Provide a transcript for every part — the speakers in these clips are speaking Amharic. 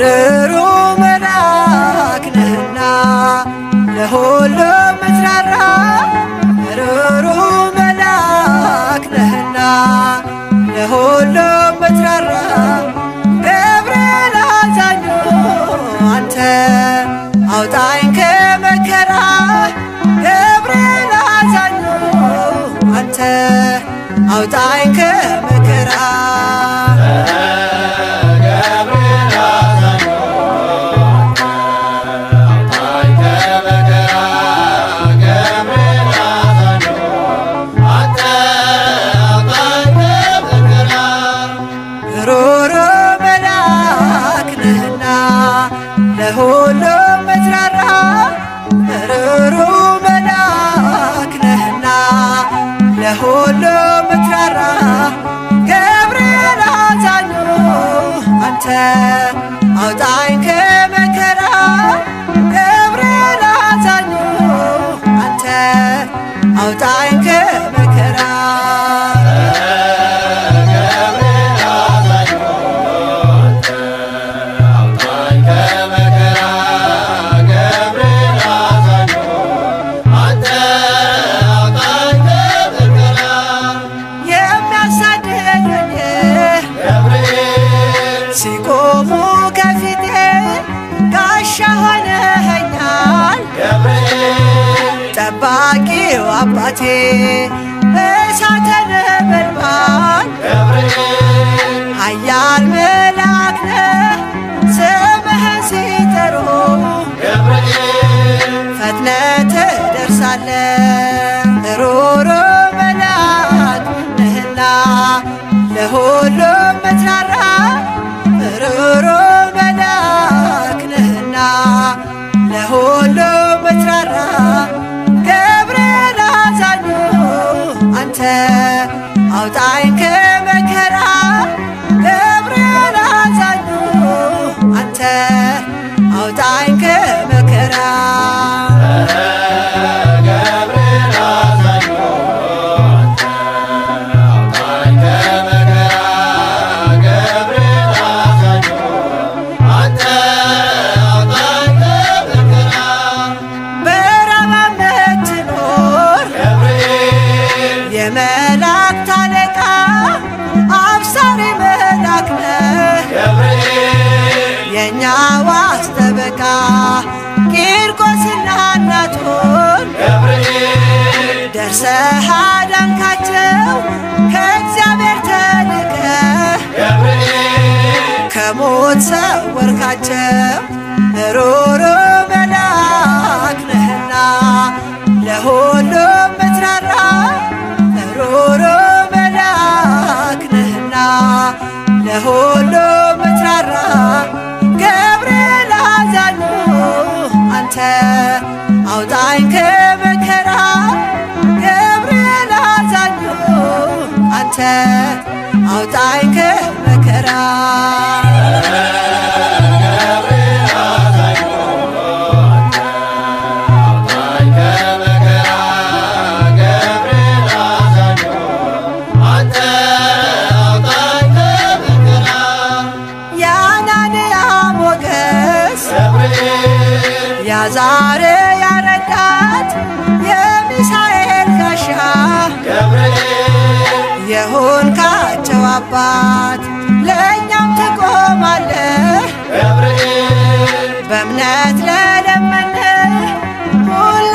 ርሩ መላክ ነህና ለሁሉ ምትራራ ርሩ መላክ ነህና ለሁሉ ምትራራ ገብርኤል አዛኙ አንተ አውጣኝ ከመከራ ገብርኤል አዛኙ አንተ አውጣኝ ከመከራ ለሁሉም ምትራራ ርሩ መልአክ ነህና ለሁሉም ምትራራ ገብርኤል አዛኙ አንተ አውጣኝ ከመከራ ገብርኤል አዛኙ አንተ አውጣኝ ከመከራ ጠባቂው አባቴ እሳተ ነበልባል ኃያል መልአክ ስምህን ሲጠሩ ሩሩ መልአክ ነህና ለሁሉም ምትራራ time. ቂርቆስና እናቱን ደርሰህ አዳንካቸው ከእግዚአብሔር ተልከህ ከሞት ሰወርካቸው ሩሩ መላክ ነህና ለሁሉ ምትራራ ሩሩ ለሁሉ ምትራራ አንተ አውጣኝ ከመከራ ገብርኤል አዛኙ አንተ አውጣኝ ከመከራ ዛሬ ያረዳት የሚሳኤል ጋሻ ገብርኤል የሆንካቸው አባት ለእኛም ትቆማለህ በእምነት ለለመነ ሁሌ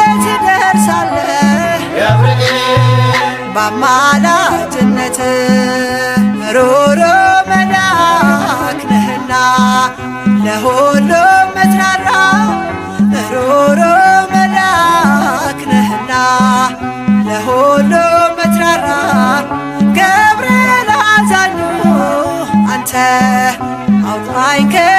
I'll find you.